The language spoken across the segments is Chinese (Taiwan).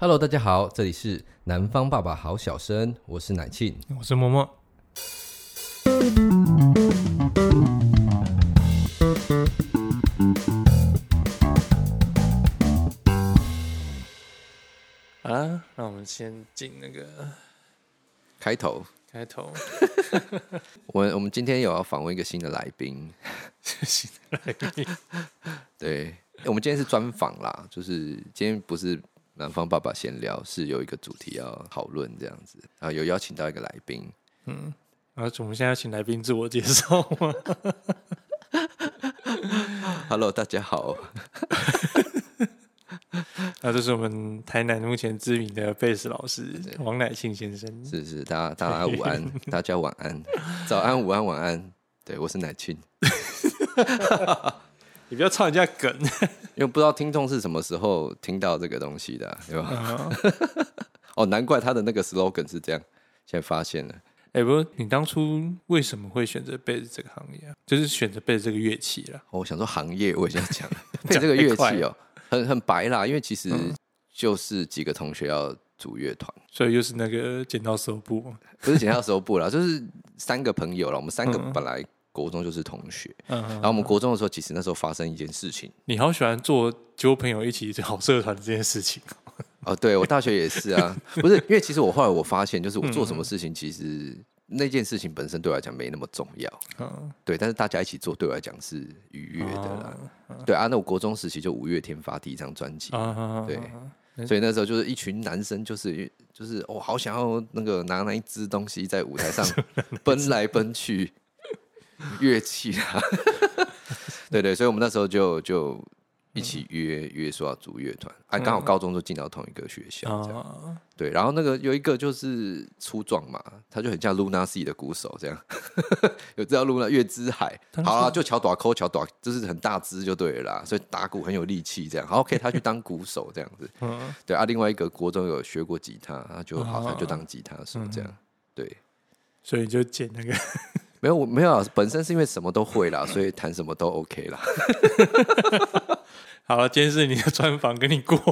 Hello，大家好，這裡是南方爸爸濠小聲，我是乃慶，我是嬤嬤。啊，那我們先進那個開頭，開頭。 我們我們今天有要訪問一個新的來賓， 新的來賓。 對，我們今天是專訪啦，就是今天不是。南方爸爸閒聊是有一個主題要討論這樣子，啊，有邀請到一個來賓，嗯，啊，我們現在要請來賓自我介紹嗎、啊、 ？Hello，大家好，那 就、 啊、是我們台南目前知名的貝斯老師王乃慶先生，是是，大家大家午安， 大家晚安，早安，午安，晚安，對，我是乃慶。 你不要唱人家梗， 因為不知道聽眾是什麼時候聽到這個東西的、啊，對吧？Uh -huh. 哦，難怪他的那個 slogan 是這樣，現在發現了。哎、欸，不，你當初為什麼會選擇貝斯這個行業啊？就是選擇貝斯這個樂器了、哦。我想說行業，我也想講貝 這個樂器哦， 很很白啦，因為其實就是幾個同學要組樂團，所以又是那個剪刀手部， 不是剪刀手部啦，就是三個朋友了。我們三個本來、嗯。國中就是同學，然後我們國中的時候，其實那時候發生一件事情。嗯、你好喜歡做揪朋友一起搞社團這件事情哦，哦對，我大學也是啊， 不是因為其實我後來我發現，就是我做什麼事情、嗯，其實那件事情本身對我來講沒那麼重要啊、嗯。對，但是大家一起做對我來講是愉悅的啦。嗯嗯、對啊，那我國中時期就五月天發第一張專輯，對、嗯嗯，所以那時候就是一群男生、就是，就是就是我好想要那個拿那一支東西在舞台上奔來奔去、嗯。嗯樂器啊 對對，所以我們那時候就就一起約、嗯、約說要、啊、組樂團，哎、啊，剛好高中就進到同一個學校、嗯，對，然後那個有一個就是粗壯嘛，他就很像 Luna Sea 的鼓手這樣， 有知道 Luna 月之海？好啦，就敲打扣，敲打，就是很大隻就對了啦，所以打鼓很有力氣這樣，好 OK，他去當鼓手這樣子，嗯、對啊，另外一個國中有學過吉他，他就好像就當吉他手這樣、嗯，對，所以就撿那個 沒有，我沒有、啊、本身是因為什麼都會啦，所以彈什麼都 OK 啦。 好了，今天是你的專訪，跟你過。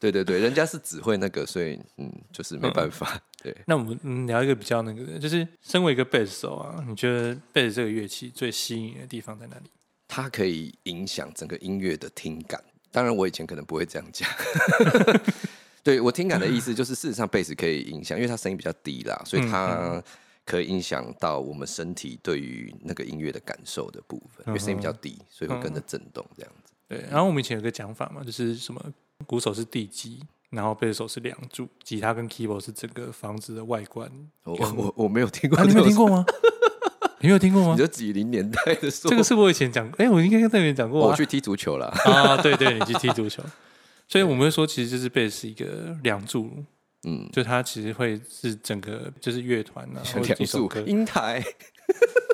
對對對，人家是只會那個，所以嗯，就是沒辦法、嗯。對。那我們聊一個比較那個，就是身為一個貝斯手啊，你覺得貝斯這個樂器最吸引的地方在哪裡？它可以影響整個音樂的聽感。當然，我以前可能不會這樣講。 對，我聽感的意思就是，事實上貝斯可以影響，因為它聲音比較低啦，所以它嗯嗯。可以影響到我們身體對於那個音樂的感受的部分，嗯、因為聲音比較低，所以會跟着震動這樣子。對，然後我們以前有個講法嘛，就是什麼鼓手是地基，然後貝斯手是梁柱，吉他跟 keyboard 是整個房子的外觀。我我我沒有聽過、啊，這你沒有聽過嗎？ 你沒有聽過嗎？ 你在幾零年代的時候，這個是，是我以前講過，哎、欸，我應該跟那邊講過、啊哦。我去踢足球了啊！ 哦、對，對對，你去踢足球， 所以我們會說，其實就是貝斯一個梁柱。嗯，就他其實會是整個就是樂團啊，想想或一首歌。英台，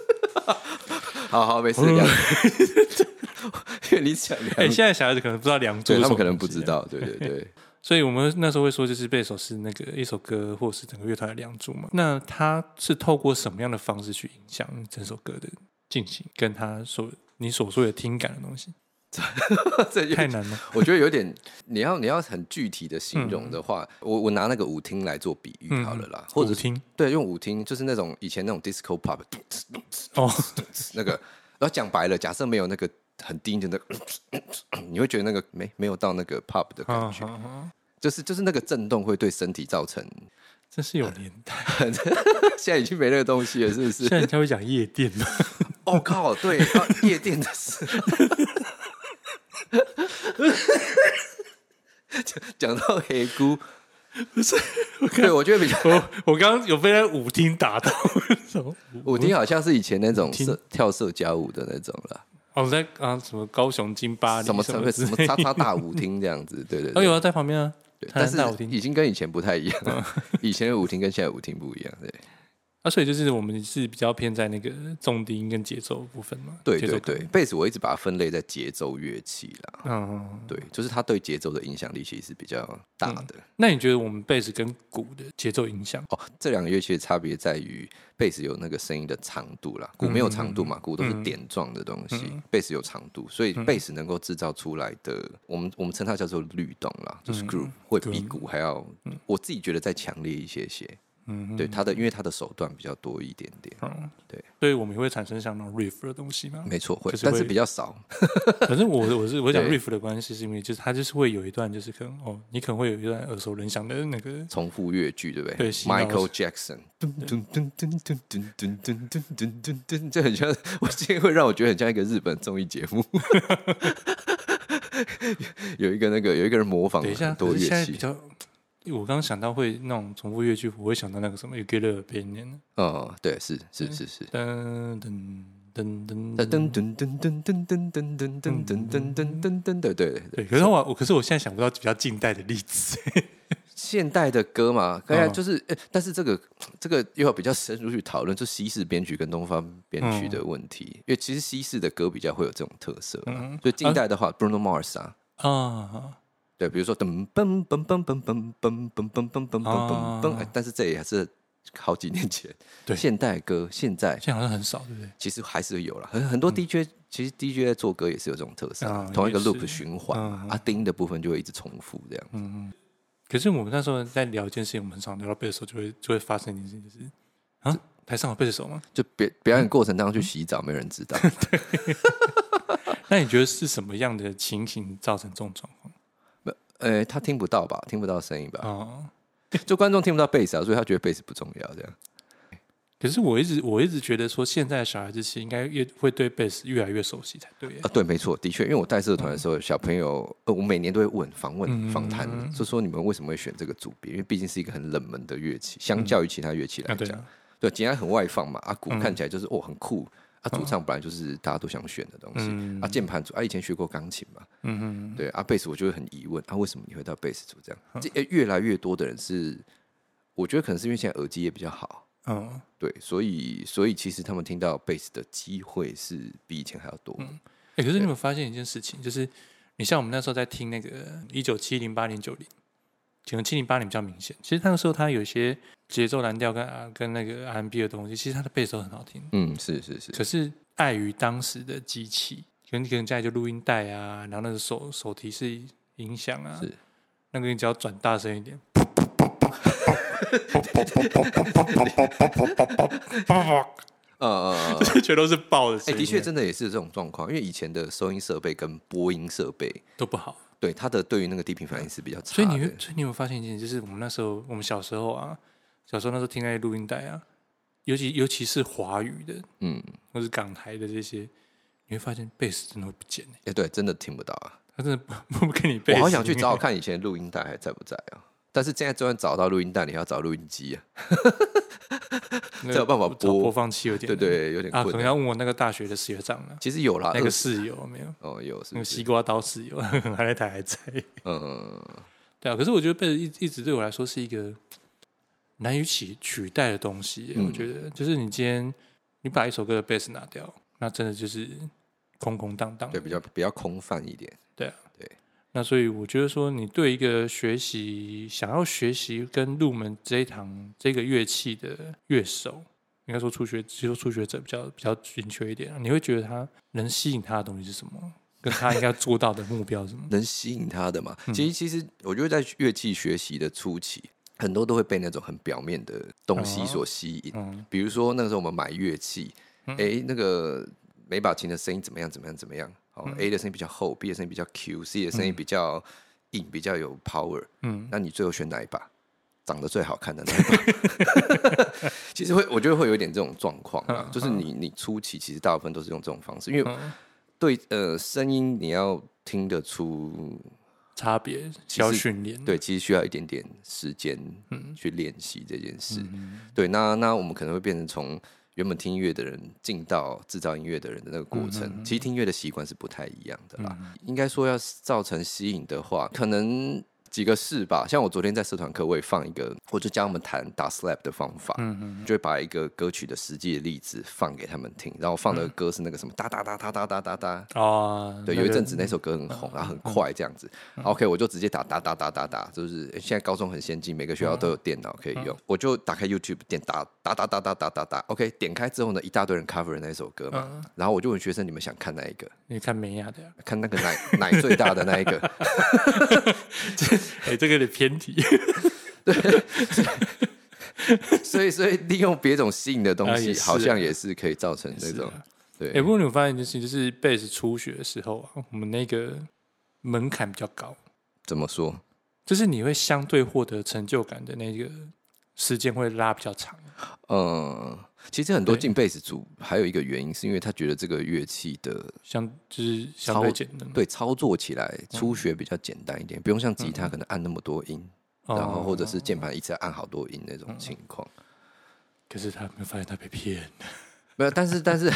好好沒事。嗯、 因為你想，哎、欸，現在小孩子可能不知道梁祝，麼他們可能不知道，對，對對對。 所以我們那時候會說，就是貝斯是那個一首歌，或是整個樂團的梁祝嘛。那他是透過什麼樣的方式去影響整首歌的進行，跟他所你所說的聽感的東西？太難了，我覺得有點，你要你要很具體的形容的話，我我拿那個舞廳來做比喻好了啦，或者聽對，用舞廳就是那種以前那種 disco pub，哦，那個，然後講白了，假設沒有那個很低的那個，你會覺得那個沒沒有到那個 pub 的感覺，就是就是那個震動會對身體造成，這是有年代，現在已經沒那個東西了，是不是？現在才會講夜店哦，靠，對，夜店的事。講 講到黑姑，不是 OK？我，我覺得比較，我我剛剛有被在舞廳打到。舞廳好像是以前那種色跳色交舞的那種了。我、哦、在啊，什麼高雄金巴什麼什麼，什麼大舞廳這樣子？對對，對，我、哦、有、啊、在旁邊啊對大對。但是舞廳已經跟以前不太一樣了，嗯，以前的舞廳跟現在的舞廳不一樣，對。啊、所以就是我們是比較偏在那個重低音跟節奏部分嘛。對對對，貝斯我一直把它分類在節奏樂器啦。嗯、哦哦哦，對，就是它對節奏的影響力其實是比較大的。嗯、那你覺得我們貝斯跟鼓的節奏影響？哦，這兩個樂器的差別在於貝斯有那個聲音的長度啦。鼓沒有長度嘛，嗯、鼓都是點狀的東西，貝、嗯、斯、嗯、有長度，所以貝斯能夠製造出來的，我們我們稱它叫做律動啦，就是 group、嗯、會比鼓還要、嗯，我自己覺得再強烈一些些。嗯，對，對他的，因為他的手段比較多一點點。嗯，對，所以我們也會產生像那種 riff 的東西嗎？沒錯，會，就是、會但是比較少。反 正我我是我講 riff 的關係，是因為就是他就是會有一段，就是可能哦，你可能會有一段耳熟能詳的那個重複樂句，對不對？對，Michael Jackson。噔噔噔噔噔噔噔噔噔噔噔，這很像，我今天會讓我覺得很像一個日本綜藝節目。 有一個那個有一個人模仿很多樂器，等一下，現我剛剛想到會那種重複樂句，我會想到那個什麼《u k u l e opinion 哦、oh,，對，是是是是。噔噔噔噔，噔噔噔噔噔噔噔噔噔噔噔噔的，對對，對對對。可是我，我可是我現在想不到比較近代的例子。 現代的歌嘛，就是、哦欸，但是這個這個又要比較深入去討論，就西式編曲跟東方編曲的問題、嗯。因為其實西式的歌比較會有這種特色，所以近代的話，Bruno Mars 啊。對，比如說噔噔噔噔噔噔噔噔噔，嘣嘣嘣，但是這也是好幾年前，對、啊，現代歌現在現在好像很少，對不對？其實還是有啦，很很多 DJ、嗯、其實 DJ 在做歌也是有這種特色，啊、同一個 loop 循環啊，丁、啊啊、的部分就會一直重複這樣子。嗯嗯。可是我們那時候在聊一件事情，我們很少聊到背的時候，就會就會發生一件事情，就是啊，台上我背着手嘛，就表表演過程當中去洗澡，嗯、沒有人知道、嗯。 對。 那你覺得是什麼樣的情形造成這種狀況？欸、他聽不到吧？聽不到聲音吧？哦、就觀眾聽不到貝斯啊，所以他覺得貝斯不重要這樣。可是我一直我一直覺得說，現在的小孩子是應該越會對貝斯越來越熟悉才對啊。對，沒錯，的確，因為我帶社團的時候，嗯、小朋友、呃，我每年都會問訪問訪談、嗯嗯嗯，就說你們為什麼會選這個組別？因為畢竟是一個很冷門的樂器，相較於其他樂器來講。嗯啊對，簡愛很外放嘛，阿、啊、鼓看起來就是、嗯、哦很酷，阿、啊、主唱本來就是大家都想選的東西，阿鍵盤組，阿、啊啊、以前學過鋼琴嘛，嗯嗯，對，阿、啊、貝斯我就會很疑問，他、啊、為什麼你會到貝斯組這樣？這、嗯、越來越多的人是，我覺得可能是因為現在耳機也比較好，嗯、哦，對，所以所以其實他們聽到貝斯的機會是比以前還要多。哎、嗯，欸，可是你有沒有發現一件事情，就是你像我們那時候在聽那個一九七零八零九零，可能七零八零比較明顯，其實那個時候他有一些。節奏藍調跟啊跟那個 R&B 的東西，其實它的貝斯很好聽。嗯，是是是。可是礙於當時的機器，可能可能家裡就錄音帶啊，然後那個手手提式音響啊，是，那個音只要轉大聲一點，噗噗噗噗噗噗噗噗噗噗噗噗，全都是爆的聲音。哎，的確，真的也是這種狀況，因為以前的收音設備跟播音設備都不好。對，它的對於那個低頻反應是比較差的。所以你所以你有沒有發現一點，就是我們那時候我們小時候啊。小時候那時候聽那些錄音帶啊，尤其尤其是華語的，嗯，或是港台的這些，你會發現貝斯真的會不見哎、欸，欸、對，真的聽不到啊，他真的不，不跟你貝，我好想去找看以前錄音帶還在不在啊， 但是現在就算找到錄音帶，你還要找錄音機啊，沒、 那個、有辦法播播放器有點對對，對有點困難啊，可能要問我那個大學的學長了、啊，其實有啦那個室友有沒有哦有是是那個西瓜刀室友， 還在台還在，嗯， 對啊，可是我覺得貝斯一一直對我來說是一個。難以取取代的東西、嗯，我覺得就是你今天你把一首歌的貝斯拿掉，那真的就是空空蕩蕩。對，比較比較空泛一點。對啊，對。那所以我覺得說，你對一個學習想要學習跟入門這一堂這個樂器的樂手，應該說初學，其實初學者比較比較準確一點、啊。你會覺得他能吸引他的東西是什麼？跟他應該做到的目標是什麼？ 能吸引他的嘛？其、嗯、實，其實我覺得在樂器學習的初期。很多都會被那種很表面的東西所吸引，哦哦比如說那個時候我們買樂器，哎、嗯欸，那個每把琴的聲音怎麼樣，怎麼樣，怎麼樣？哦、嗯、，A 的聲音比較厚，B 的聲音比較 Q，C 的聲音比較硬、嗯，比較有 power。嗯，那你最後選哪一把？長得最好看的那一把。 其實會，我覺得會有點這種狀況啊，就是你你初期其實大部分都是用這種方式，嗯、因為對呃聲音你要聽得出。差別需要訓練，對，其實需要一點點時間，去練習這件事。嗯、對，那那我們可能會變成從原本聽音樂的人進到製造音樂的人的那個過程。嗯嗯，其實聽音樂的習慣是不太一樣的啦、嗯，應該說要造成吸引的話，可能。幾個是吧？像我昨天在社團課，我也放一個，我就教他們彈打 slap 的方法、嗯，就把一個歌曲的實際的例子放給他們聽。然後放的歌是那個什麼、嗯、噠噠噠噠噠噠噠噠，啊、哦，對，有一陣子那首歌很紅，嗯、然後很快這樣子。嗯、OK，我就直接打、嗯、噠噠噠噠噠，就是現在高中很先進，每個學校都有電腦可以用，我就打開 YouTube 點打。打打打打打打打，OK，點開之後呢，一大堆人 cover 那首歌嘛、嗯。然後我就問學生：“你們想看哪一個？”你看美亞的、啊，看那個奶奶最大的那一個。哎、 欸，這個有點偏題。 對 所，所以所以利用別種吸引的東西、哎啊，好像也是可以造成這種、啊啊、對。哎、欸，不過你有發現一件事，就是貝斯初學的時候，我們那個門檻比較高。怎麼說？就是你會相對獲得成就感的那個。時間會拉比較長。嗯，其實很多進貝斯組還有一個原因，是因為他覺得這個樂器的相就是，相對簡單，對，操作起來初學比較簡單一點，嗯，不用像吉他可能按那麼多音，嗯，然後或者是鍵盤一次按好多音那種情況，嗯嗯。可是他沒有發現他被騙。沒有，但是但是，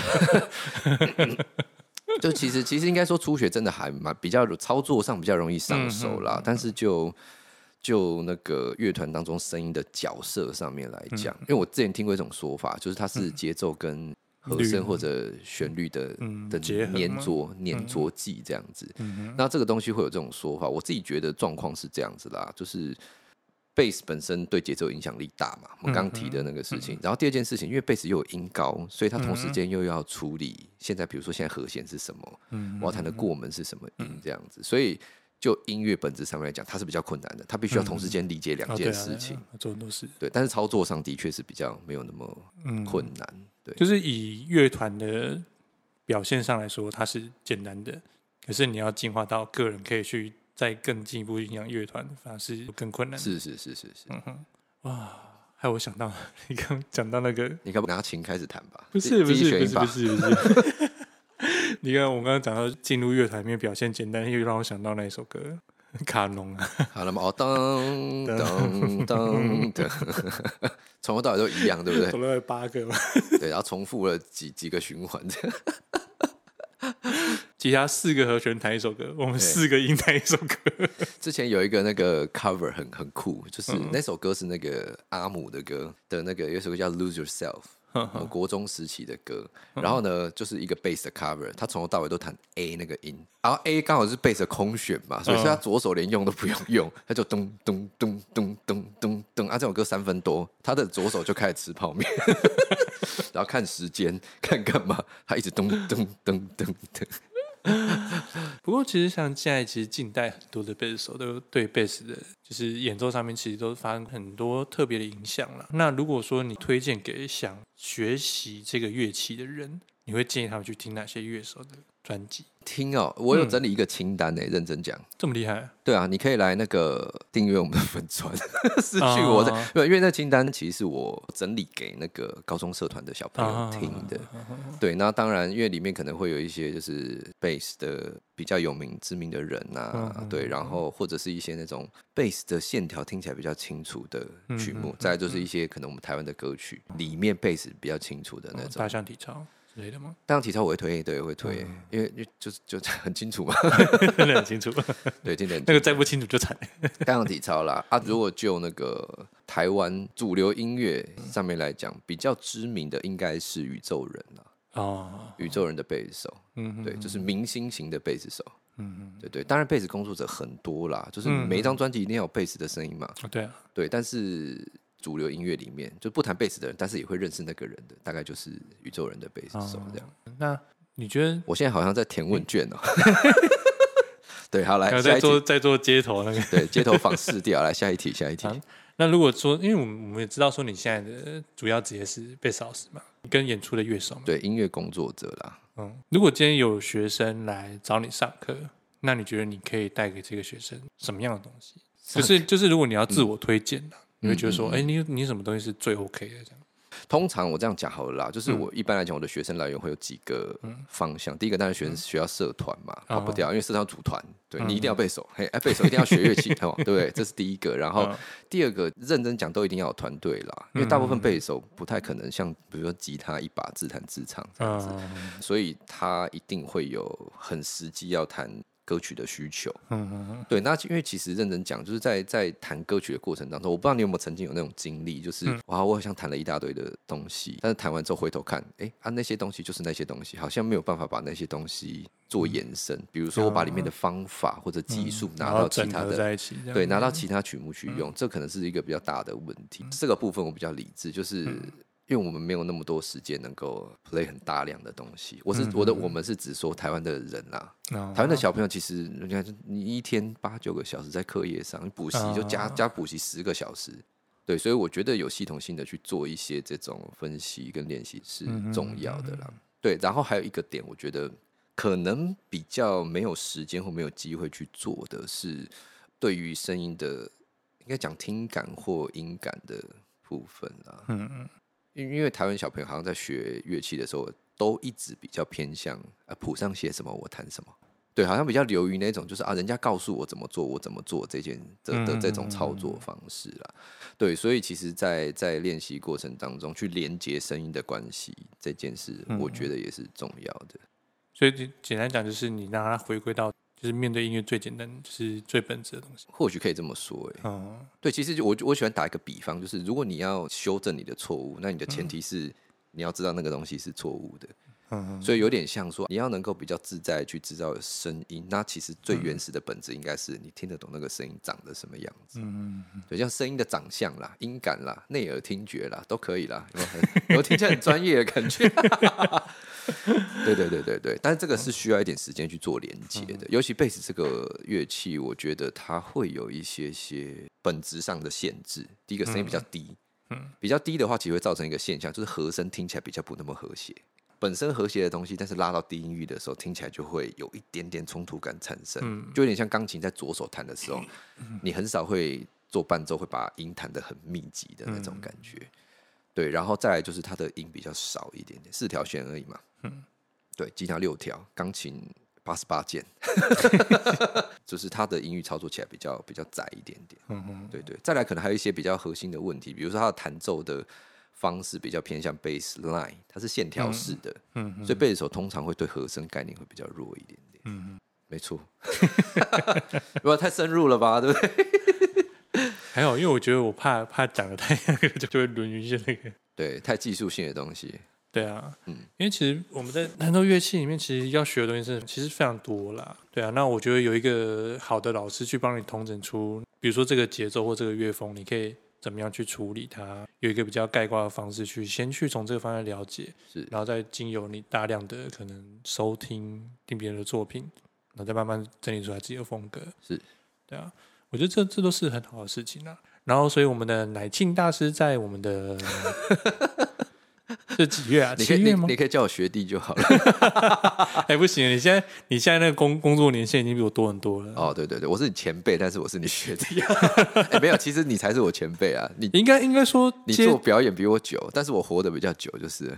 就其實其實應該說初學真的還蠻比較操作上比較容易上手啦，嗯，但是就。就那個樂團當中聲音的角色上面來講、嗯，因為我之前聽過一種說法，就是它是節奏跟和聲或者旋律的、嗯、的粘着粘着劑這樣子、嗯。那這個東西會有這種說法，我自己覺得狀況是這樣子啦，就是貝斯本身對節奏影響力大嘛，我剛剛提的那個事情、嗯嗯。然後第二件事情，因為貝斯又有音高，所以它同時間又要處理現在比如說現在和弦是什麼，嗯、我要彈的過門是什麼音這樣子，嗯、所以。就音樂本質上面來講，它是比較困難的，他必須要同時間理解兩件事情、嗯哦啊啊，做很多事。對，但是操作上的確是比較沒有那麼困難、嗯。對，就是以樂團的表現上來說，它是簡單的，可是你要進化到個人可以去再更進一步影響樂團，反而是更困難。是是是是是。嗯哼，哇，害我想到你剛講到那個，你該不拿琴開始彈吧？不是不是不是不是不是。不是不是不是不是 你看，我剛剛講到進入樂壇，沒表現簡單，又讓我想到那一首歌《卡農、啊》。好了嗎？噔噔噔噔從頭到底都一樣，對不對？總共有八個嘛，對，然後重複了幾幾個循環。 其他四個和弦彈一首歌，我們四個音彈一首歌。之前有一個那個 cover 很很酷，就是那首歌是那個阿姆的歌的那個，有一首歌叫《Lose Yourself》。國中時期的歌，然後呢，就是一個 bass 的 cover，他從頭到尾都彈 A 那個音，然後 A 剛好是 bass 的空弦嘛，所以是他左手連用都不用用，他就咚咚咚咚咚咚咚，啊，這首歌三分多，他的左手就開始吃泡麵， 然後看時間，看幹嘛，他一直咚咚咚咚咚。 不過，其實像現在，其實近代很多的貝斯手都對貝斯的，就是演奏上面，其實都發生很多特別的影響了。那如果說你推薦給想學習這個樂器的人，你會建議他們去聽哪些樂手的專輯？聽哦、喔，我有整理一個清單誒、欸嗯，認真講這麼厲害、啊？對啊，你可以來那個訂閱我們的粉絲，失、嗯、 去我的，啊、因為那清單其實是我整理給那個高中社團的小朋友聽的。啊、對，那當然，因為裡面可能會有一些就是 Bass 的比較有名、知名的人吶、啊啊，對，然後或者是一些那種 Bass 的線條聽起來比較清楚的曲目，嗯嗯嗯嗯、再就是一些可能我們台灣的歌曲裡面 Bass 比較清楚的那種、嗯、大象體操。對的嗎？太陽體操我會推，對，會推嗯嗯，因為，因為就就是就很清楚嘛，很清楚，對，真的很 那個再不清楚就慘。太 陽體操啦，啊、嗯，如果就那個台灣主流音樂上面來講，嗯、比較知名的應該是宇宙人了啊、嗯，宇宙人的貝斯手，嗯、哦，對嗯嗯，就是明星型的貝斯手，嗯，嗯，對對，當然貝斯工作者很多啦，就是每一張專輯一定要有貝斯的聲音嘛、嗯，對啊，對，但是。主流音樂裡面就不談貝斯的人，但是也會認識那個人的，大概就是宇宙人的貝斯手這樣、嗯。那你覺得我現在好像在填問卷呢、喔欸？ 對，好來，再做再做街頭那個， 對，街頭訪視調。來下一題，下一題、啊。那如果說，因為我們我們也知道說，你現在的主要職業是貝斯手是嗎？跟演出的樂手嗎？對，音樂工作者啦。嗯，如果今天有學生來找你上課，那你覺得你可以帶給這個學生什麼樣的東西？就是就是，就是、如果你要自我推薦會覺得說，哎、欸，你你什麼東西是最 OK 的這樣？通常我這樣講好了啦，就是我一般來講，我的學生來源會有幾個方向。嗯、第一個當然學生學校社團嘛，跑、嗯、不掉，因為社團組團，對、嗯、你一定要貝斯手，哎、欸，貝斯手一定要學樂器，對 對，這是第一個。然後、嗯、第二個，認真講都一定要有團隊啦，因為大部分貝斯手不太可能像比如說吉他一把自彈自唱這樣子、嗯，所以他一定會有很實際要彈歌曲的需求，嗯嗯對，那因為其實認真講，就是在在彈歌曲的過程當中，我不知道你有沒有曾經有那種經歷，就是、嗯、哇，我好像彈了一大堆的東西，但是彈完之後回頭看，哎、欸，啊，那些東西就是那些東西，好像沒有辦法把那些東西做延伸，嗯、比如說我把裡面的方法或者技術、嗯、拿到其他的對，拿到其他曲目去用、嗯，這可能是一個比較大的問題。嗯、這個部分我比較理智，就是。嗯因為我們沒有那麼多時間能夠 play 很大量的東西。我是我的、嗯，我們是只說台灣的人啦、啊。Oh、台灣的小朋友其實，你看，你一天八九個小時在課業上，你補習就加、oh、加補習十個小時。對，所以我覺得有系統性的去做一些這種分析跟練習是重要的啦、嗯。對，然後還有一個點，我覺得可能比較沒有時間或沒有機會去做的是，對於聲音的應該講聽感或音感的部分啦。嗯嗯。因因為台灣小朋友好像在學樂器的時候，都一直比較偏向，呃、啊，譜上寫什麼我彈什麼，對，好像比較流於那種就是啊，人家告訴我怎麼做，我怎麼做這件的的這種操作方式啦。嗯嗯，對，所以其實在，在在練習過程當中去連接聲音的關係這件事，我覺得也是重要的。嗯嗯，所以你簡單講，就是你讓他回歸到。就是面對音樂最簡單，就是最本質的東西。或許可以這麼說，欸，哎，哦，對，其實我我喜歡打一個比方，就是如果你要修正你的錯誤，那你的前提是你要知道那個東西是錯誤的。嗯 所以有點像說，你要能夠比較自在去製造聲音，那其實最原始的本質應該是你聽得懂那個聲音長得什麼樣子。嗯， 像聲音的長相啦、音感啦、內耳聽覺啦，都可以啦。我 聽起來很專業的感覺。 對對對對對，但是這個是需要一點時間去做連接的。尤其貝斯這個樂器，我覺得它會有一些些本質上的限制。第一個聲音比較低， 比較低的話，其實會造成一個現象，就是和聲聽起來比較不那麼和諧。本身和諧的東西，但是拉到低音域的時候，聽起來就會有一點點衝突感產生，嗯、就有點像鋼琴在左手彈的時候、嗯，你很少會做伴奏，會把音彈得很密集的那種感覺、嗯。對，然後再來就是它的音比較少一點點，四條弦而已嘛。嗯、對，吉他六條，鋼琴八十八鍵， 就是它的音域操作起來比較比較窄一點點。嗯嗯，對，對對。再來可能還有一些比較核心的問題，比如說它的彈奏的。方式比較偏向 bass line，它是線條式的，嗯嗯嗯、所以貝斯手通常會對和聲概念會比較弱一點點。嗯，嗯沒錯。 不要太深入了吧，對不對？ 還好，因為我覺得我怕怕講的太那個，就會淪於一些那個。對，太技術性的東西。對啊，嗯，因為其實我們在很多樂器裡面，其實要學的東西是其實非常多啦。對啊，那我覺得有一個好的老師去幫你統整出，比如說這個節奏或這個樂風，你可以。怎麼樣去處理它？有一個比較概括的方式去先去從這個方向了解，是，然後再經由你大量的可能收聽聽別人的作品，然後再慢慢整理出來自己的風格，是對啊，我覺得這這都是很好的事情啊。然後，所以我們的乃慶大師在我們的。 是幾月啊？你可以七月嗎你你？你可以叫我學弟就好了。 哎、欸，不行，你現在你現在那個工工作年限已經比我多很多了。哦，對對對，我是你前輩，但是我是你學弟。哎、 欸，沒有，其實你才是我前輩啊。你，你應該應該說你做表演比我久，但是我活得比較久、就是，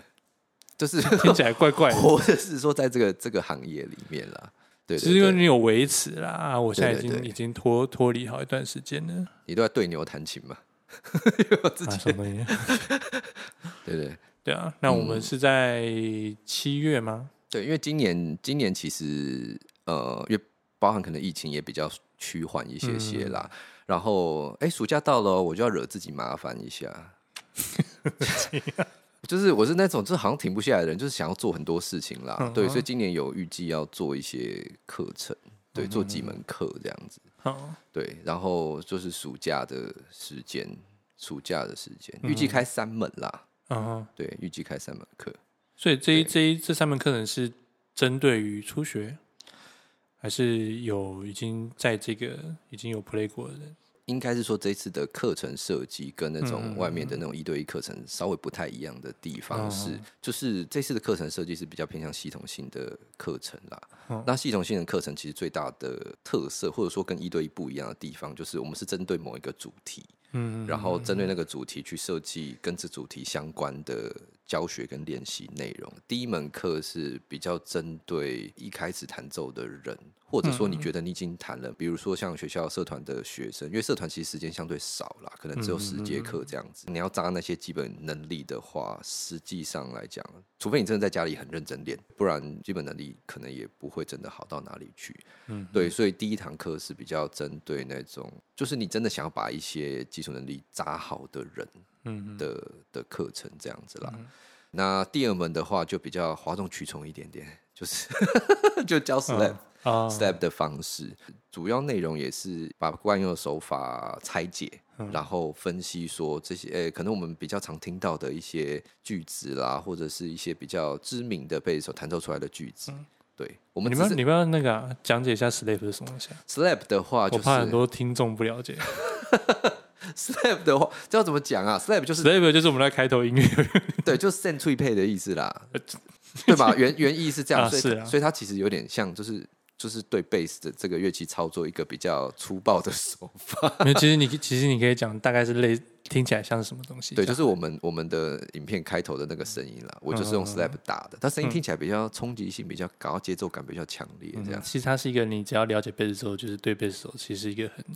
就是就是聽起來怪怪的。活的是說在這個這個行業裡面啦，對，對，對，是因為你有維持啦。我現在已經對對對已經脫脫離好一段時間了。你都在對牛彈琴嗎？ 我自己、啊啊、 對對。對啊，那我們是在七月嗎？嗯、對，因為今年今年其實呃，包含可能疫情也比較趨緩一些些啦。嗯、然後哎，暑假到了，我就要惹自己麻煩一下。 就是我是那種這、就是、好像停不下來的人，就是想要做很多事情啦。嗯哦、對，所以今年有預計要做一些課程，嗯、對，做幾門課這樣子、嗯。對，然後就是暑假的時間，暑假的時間預計開三門啦。嗯嗯、uh -huh.，對，預計開三門課，所以這一這一這三門課程是針對於初學，還是有已經在這個已經有 play 過的人？應該是說，這次的課程設計跟那種外面的那種一對一課程稍微不太一樣的地方是，uh -huh. 就是這次的課程設計是比較偏向系統性的課程啦。Uh -huh. 那系統性的課程其實最大的特色，或者說跟一對一不一樣的地方，就是我們是針對某一個主題。嗯，然後針對那個主題去設計跟這主題相關的教學跟練習內容。第一門課是比較針對一開始彈奏的人。或者說，你覺得你已經談了，比如說像學校社團的學生，因為社團其實時間相對少啦，可能只有十節課這樣子。你要扎那些基本能力的話，實際上來講，除非你真的在家裡很認真練，不然基本能力可能也不會真的好到哪裡去、嗯。對，所以第一堂課是比較針對那種，就是你真的想要把一些基礎能力扎好的人的、嗯，的的課程這樣子啦、嗯。那第二門的話就比較譁眾取寵一點點，就是 就教 slap、嗯。啊、oh.，slap 的方式，主要內容也是把慣用的手法拆解、嗯，然後分析說這些，誒、欸，可能我們比較常聽到的一些句子啦，或者是一些比較知名的 bass 手彈奏出來的句子。嗯、對我們，你們你們那個講、啊、解一下 slap 是什麼東西、啊、？slap 的話、就是，我怕很多聽眾不了解。 slap 的話，這要怎麼講啊？slap 就是 slap 就是我們的開頭音樂， 對，就是 sent t e pay 的意思啦， 對吧？原原意是這樣， 啊、所以是、啊、所以它其實有點像就是。就是對貝斯的這個樂器操作一個比較粗暴的手法。 其實你其實你可以講大概是類聽起來像是什麼東西？ 對，就是我們我們的影片開頭的那個聲音啦。嗯、我就是用 slap 打的，它，嗯嗯、聲音聽起來比較衝擊性，比較高，節奏感比較強烈這樣。嗯、其實它是一個你只要了解貝斯之後，就是對貝斯手其實是一個很很、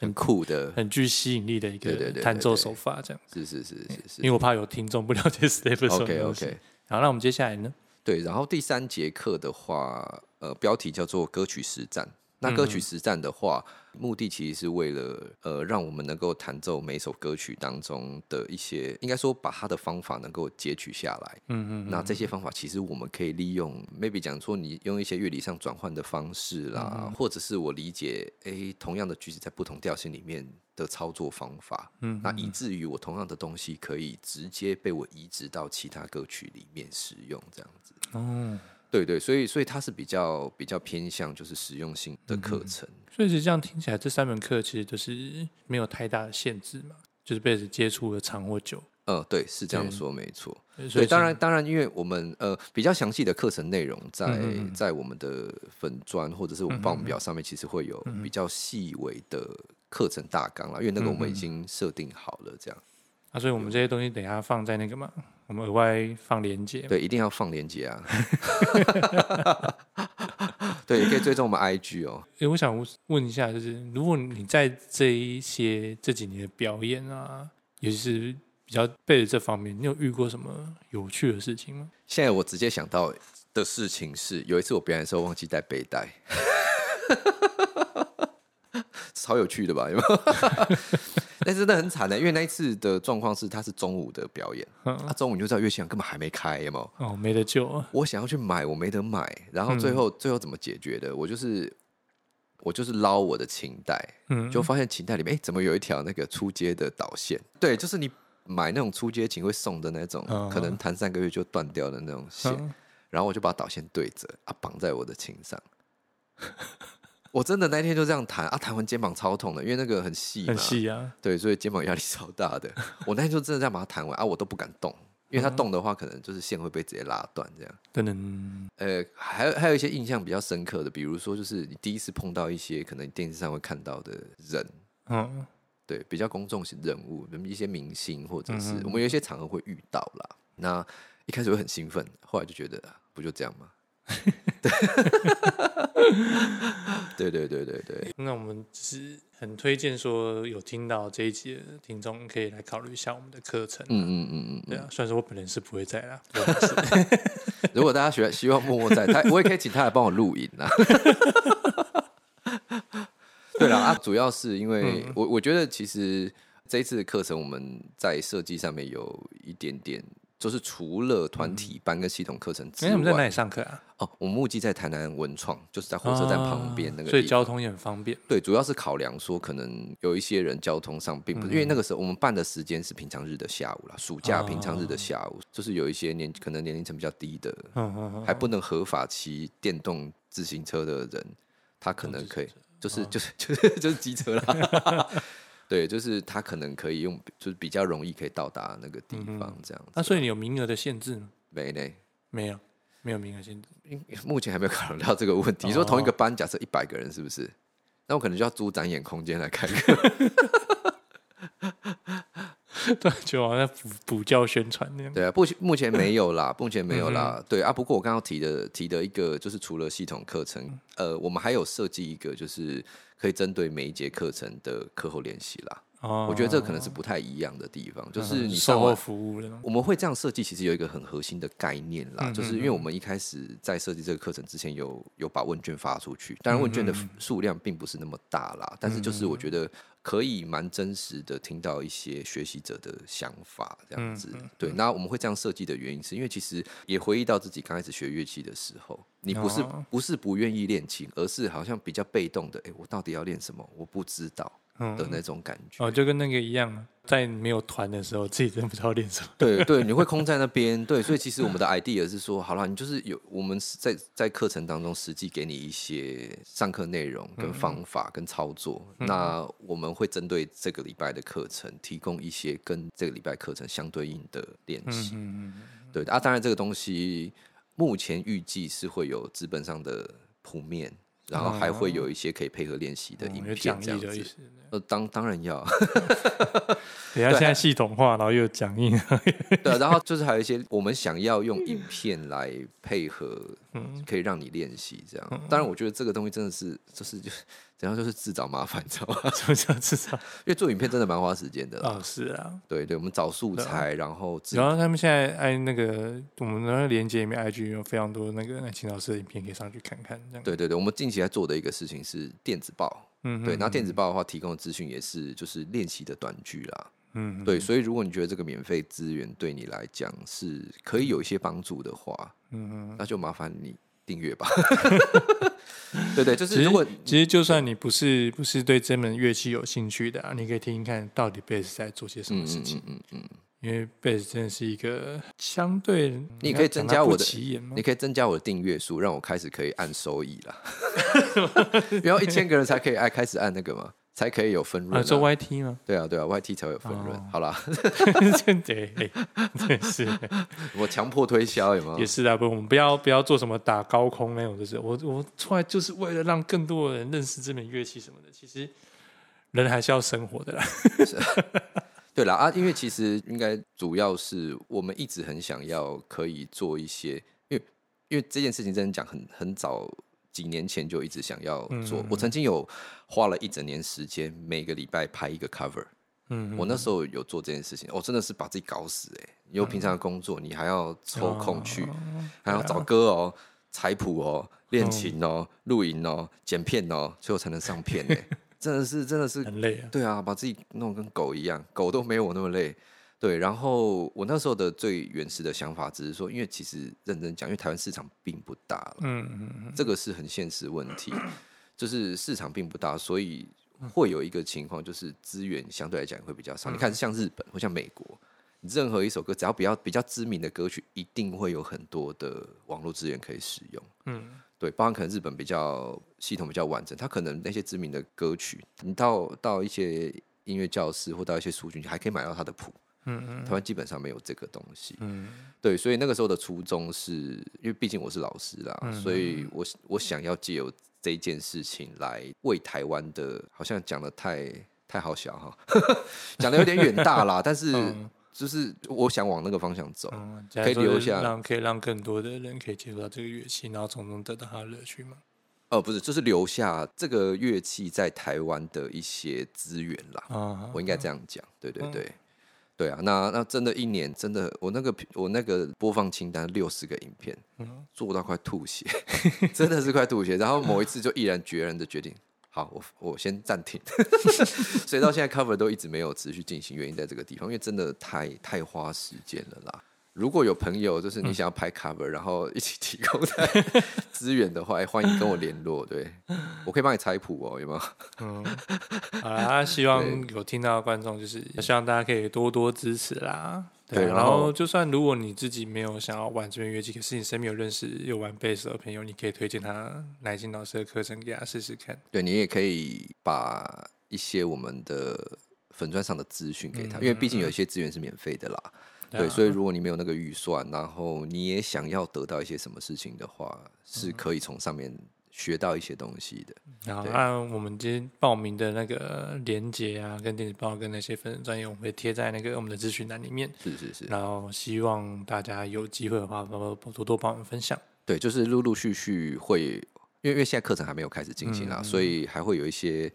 很酷的、很具吸引力的一個彈奏手法這樣。對對對對對對對，是是是是是、是。因為我怕有聽眾不了解 slap，OK OK 是是。Okay. 好，那我們接下來呢？對，然後第三節課的話，呃，標題叫做歌曲實戰。那歌曲實戰的話，嗯、目的其實是為了呃，讓我們能夠彈奏每首歌曲當中的一些，應該說把它的方法能夠截取下來。嗯嗯。那這些方法其實我們可以利用、嗯、，maybe 講說你用一些樂理上轉換的方式啦，嗯、或者是我理解，哎，同樣的句子在不同調性裡面的操作方法嗯。嗯。那以至於我同樣的東西可以直接被我移植到其他歌曲裡面使用，這樣子。哦，對對，所以所以它是比較比較偏向就是實用性的課程。嗯、所以其實這樣聽起來，這三門課其實就是沒有太大的限制嘛，就是 Bass 接觸的長或久。呃，對，是這樣說沒錯。所以當然當然，當然因為我們呃比較詳細的課程內容在，在、嗯嗯、在我們的粉專或者是我們報名表上面，其實會有比較細微的課程大綱了、嗯嗯。因為那個我們已經設定好了這樣。啊，所以我們這些東西等一下放在那個嘛，我們額外放連接。對，一定要放連接啊。 對，也可以追蹤我們 IG 哦。哎、欸，我想問一下，就是如果你在這一些這幾年的表演啊，尤其是比較背的這方面，你有遇過什麼有趣的事情嗎？現在我直接想到的事情是，有一次我表演的時候忘記帶背帶，超 有趣的吧？有沒有 那、欸、真的很慘呢，欸，因為那一次的狀況是，他是中午的表演，他、嗯啊、中午你就知道樂器根本還沒開，有沒有？哦，沒得救、啊。我想要去買，我沒得買。然後最後，嗯、最後怎麼解決的？我就是，我就是撈我的琴帶、嗯，就發現琴帶裡面哎、欸，怎麼有一條那個初階的導線？對，就是你買那種初階琴會送的那種，嗯、可能彈三個月就斷掉的那種線、嗯。然後我就把導線對折啊，綁在我的琴上。 我真的那天就這樣彈啊，彈完肩膀超痛的，因為那個很細，很細啊，對，所以肩膀壓力超大的。 我那天就真的這樣把它彈完啊，我都不敢動，因為它動的話，可能就是線會被直接拉斷，這樣。等、嗯、等、嗯，呃，還有還有一些印象比較深刻的，比如說就是你第一次碰到一些可能電視上會看到的人，嗯，對，比較公眾人物，一些明星或者是、嗯、我們有一些場合會遇到啦。那一開始會很興奮，後來就覺得不就這樣嗎？ 對，對對對對對，那我們是很推薦說，有聽到這一集的聽眾，可以來考慮一下我們的課程嗯。嗯嗯嗯，對啊嗯，雖然說我本人是不會在啦、啊。 如果大家喜歡，希望默默在， 他我也可以請他來幫我錄影啊。 對啦，啊，主要是因為我我覺得其實這一次的課程我們在設計上面有一點點。就是除了團體班跟系統課程之外，嗯，為你們在哪裡上課啊？哦，我們目前在台南文創，就是在火車站旁邊那個地方，啊，所以交通也很方便。對，主要是考量說，可能有一些人交通上並不是，嗯。因為那個時候我們辦的時間是平常日的下午啦，暑假平常日的下午，啊，就是有一些年可能年齡層比較低的，啊啊啊，還不能合法騎電動自行車的人，他可能可以，就是，啊，就是就是就是騎，就是就是就是，車啦 對，就是他可能可以用，就是比較容易可以到達那個地方這樣子。那、嗯啊、所以你有名額的限制嗎？沒呢，沒有，沒有名額限制，目前還沒有考慮到這個問題、哦。你說同一個班，假設一百個人，是不是？那我可能就要租展演空間來開課。 就好像補補教宣傳那樣。對啊，目前沒有啦， 目前沒有啦。對啊，不過我剛剛提的提的一個，就是除了系統課程，呃，我們還有設計一個，就是可以針對每一節課程的課後練習啦。Oh, 我覺得這可能是不太一樣的地方，嗯、就是你售後服務我們會這樣設計，其實有一個很核心的概念啦，嗯、就是因為我們一開始在設計這個課程之前有，有有把問卷發出去，當然問卷的數量並不是那麼大啦、嗯，但是就是我覺得可以蠻真實的聽到一些學習者的想法，這樣子。嗯、對，那我們會這樣設計的原因，是因為其實也回憶到自己剛開始學樂器的時候，你不是、oh. 不是不願意練琴，而是好像比較被動的，哎、欸，我到底要練什麼？我不知道。的那種感覺、嗯、哦，就跟那個一樣，在沒有團的時候，自己真不知道練什麼。對對，你會空在那邊。 對，所以其實我們的 idea 是說，好了，你就是有我們在在課程當中實際給你一些上課內容、跟方法、跟操作、嗯。那我們會針對這個禮拜的課程，提供一些跟這個禮拜課程相對應的練習。嗯嗯，嗯。對啊，當然這個東西目前預計是會有資本上的鋪面。然後還會有一些可以配合練習的影片，這樣子。嗯、呃，當然當然要，等、嗯、下、 啊、現在系統化，然後又有講義。對、啊， 然後就是還有一些我們想要用影片來配合，嗯、可以讓你練習這樣。嗯、當然，我覺得這個東西真的是就是就。然後就是自找麻煩，你知道嗎？什麼叫自找？ 因為做影片真的蠻花時間的。哦，是啊，對對，我們找素材，然後自然後他們現在哎，那個我們的鏈接裡面，IG 有非常多那個青老師的影片，可以上去看看。這樣對對對，我們近期在做的一個事情是電子報，嗯哼哼，對，然後電子報的話，提供的資訊也是就是練習的短句啦，嗯，對，所以如果你覺得這個免費資源對你來講是可以有一些幫助的話，嗯，那就麻煩你訂閱吧。嗯 對對，就是。如果，其實就算你不是不是對這門樂器有興趣的，啊，你可以聽聽看到底貝斯在做些什麼事情。嗯嗯，嗯，嗯。因為貝斯真的是一個相對，你可以增加我的，我的，你可以增加我的訂閱數，讓我開始可以按收益了。不 要 一千個人才可以按開始按那個嗎？才可以有分潤做、啊啊、YT 呢？對啊，對啊，YT 才會有分潤、哦。好啦真的，真是我強迫推銷，有嗎？也是啊，不，我們不要不要做什麼打高空那、欸、種，就是我我出來就是為了讓更多的人認識這門樂器什麼的。其實人還是要生活的啦、啊。對啦。啊，因為其實應該主要是我們一直很想要可以做一些，因為因為這件事情真的講很很早。幾年前就一直想要做，嗯嗯，我曾經有花了一整年時間，每個禮拜拍一個 cover 嗯嗯嗯。我那時候有做這件事情，我、哦、真的是把自己搞死哎、欸！因為平常工作，你還要抽空去，嗯、還要找歌哦、喔、採譜哦、練、喔嗯、琴哦、喔、錄影哦、喔、剪片哦、喔，最後我才能上片哎、欸， 真的是真的是很累啊！對啊，把自己弄跟狗一樣，狗都沒有我那麼累。對，然後我那時候的最原始的想法只是說，因為其實認真講，因為台灣市場並不大了，嗯，嗯，這個是很現實問題咳咳，就是市場並不大，所以會有一個情況就是資源相對來講會比較少。嗯，你看，像日本或像美國，任何一首歌，只要比較比較知名的歌曲，一定會有很多的網絡資源可以使用，嗯，對，包含可能日本比較系統比較完整，它可能那些知名的歌曲，你到到一些音樂教室或到一些書局，你還可以買到它的譜。嗯嗯，台灣基本上沒有這個東西。嗯，對，所以那個時候的初衷是，因為畢竟我是老師啦，嗯嗯，所以我我想要借由這件事情來為台灣的，好像講的太太好笑哈，講 的有點遠大啦， 但是就是我想往那個方向走，嗯、可以留下，讓可以讓更多的人可以接觸到這個樂器，然後從中得到他的樂趣嗎？哦、呃，不是，就是留下這個樂器在台灣的一些資源啦。哦、嗯，我應該這樣講，對對對，對。嗯對啊，那那真的，一年真的，我那個我那個播放清單六十個影片，做到快吐血， 真的是快吐血。然後某一次就毅然決然的決定，好，我我先暫停。 所以到現在 cover 都一直沒有持續進行，原因在這個地方，因為真的太太花時間了啦。如果有朋友就是你想要拍 cover，嗯、然後一起提供的資源的話、 哎，歡迎跟我聯絡。對，我可以幫你採譜哦，有沒有？嗯，好啦，啊、希望有聽到的觀眾就是希望大家可以多多支持啦。對，對然，然後就算如果你自己沒有想要玩這邊樂器，可是你身邊有認識有玩貝斯的朋友，你可以推薦他乃慶老師的課程給他試試看。對，你也可以把一些我們的粉專上的資訊給他，嗯，因為畢竟有一些資源是免費的啦。嗯嗯對,啊、對，所以如果你沒有那個預算，然後你也想要得到一些什麼事情的話，是可以從上面學到一些東西的。嗯、然後按我們今天報名的那個鏈接啊，跟電子報跟那些分專業，我們會貼在那個我們的資訊欄裡面。是是是。然後希望大家有機會的話多多多幫我們分享。對，就是陸陸續續會，因為因為現在課程還沒有開始進行啊、嗯，所以還會有一些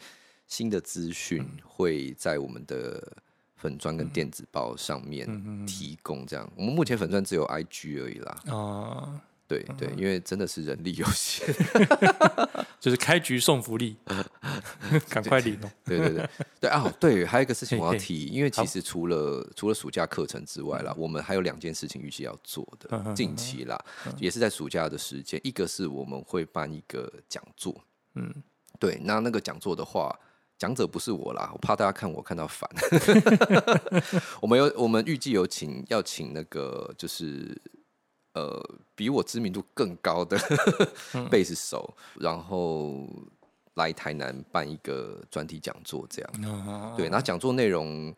新的資訊會在我們的。粉專跟電子報上面提供這樣，我們目前粉專只有 IG 而已啦、嗯。啊、嗯嗯，對對，對，因為真的是人力有限、嗯，嗯、 就是開局送福利， 趕 快領、喔。對對對對啊，對、哦，還有一個事情我要提，因為其實除了除了暑假課程之外啦，我們還有兩件事情預計要做的，近期啦，也是在暑假的時間，一個是我們會辦一個講座，嗯，對，那那個講座的話。強者不是我啦，我怕大家看我看到煩。 我們有我們預計有請要請那個就是呃比我知名度更高的貝 斯手，然後來台南辦一個專題講座，這樣。對，然後講座內容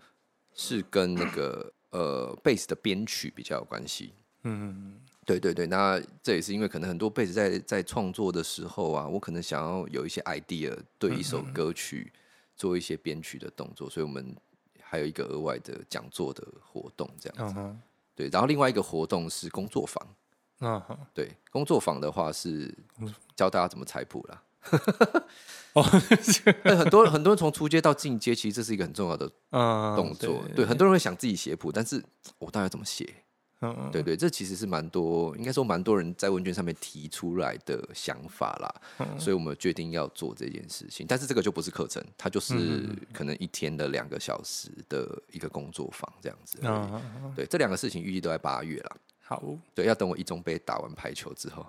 是跟那個呃貝斯的編曲比較有關係。嗯，對對對，那這也是因為可能很多貝斯在在創作的時候啊，我可能想要有一些 idea 對一首歌曲。做一些編曲的動作，所以我們還有一個額外的講座的活動這樣子，uh -huh. 對。然後另外一個活動是工作坊，嗯、uh -huh.，對，工作坊的話是教大家怎麼拆譜啦。哦，那很多很多人從初階到進階，其實這是一個很重要的動作。Uh -huh. 對，很多人會想自己寫譜，但是我、哦、到底要怎麼寫？Uh -oh. 對，對對，這其實是蠻多，應該說蠻多人在問卷上面提出來的想法啦，uh -oh. 所以我們決定要做這件事情。但是這個就不是課程，它就是可能一天的兩個小時的一個工作坊這樣子。Uh -huh. 對，這兩個事情預計都在八月了。好、uh -huh.，對，要等我一中杯打完排球之後，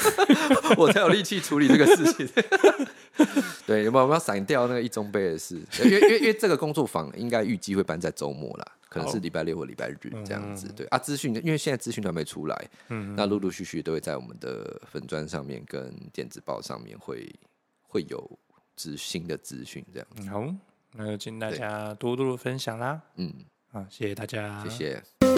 我才有力氣處理這個事情。 對，有沒有要散掉那個一中杯的事？ 因為因為這個工作坊應該預計會辦在周末啦， 可能是禮拜六或禮拜日這樣子。這樣子對啊，資訊因為現在資訊都還沒出來，嗯，那陸陸續續都會在我們的粉專上面跟電子報上面會會有最新的資訊。這樣子好，那就請大家多多的分享啦。嗯，好，謝謝大家，謝謝。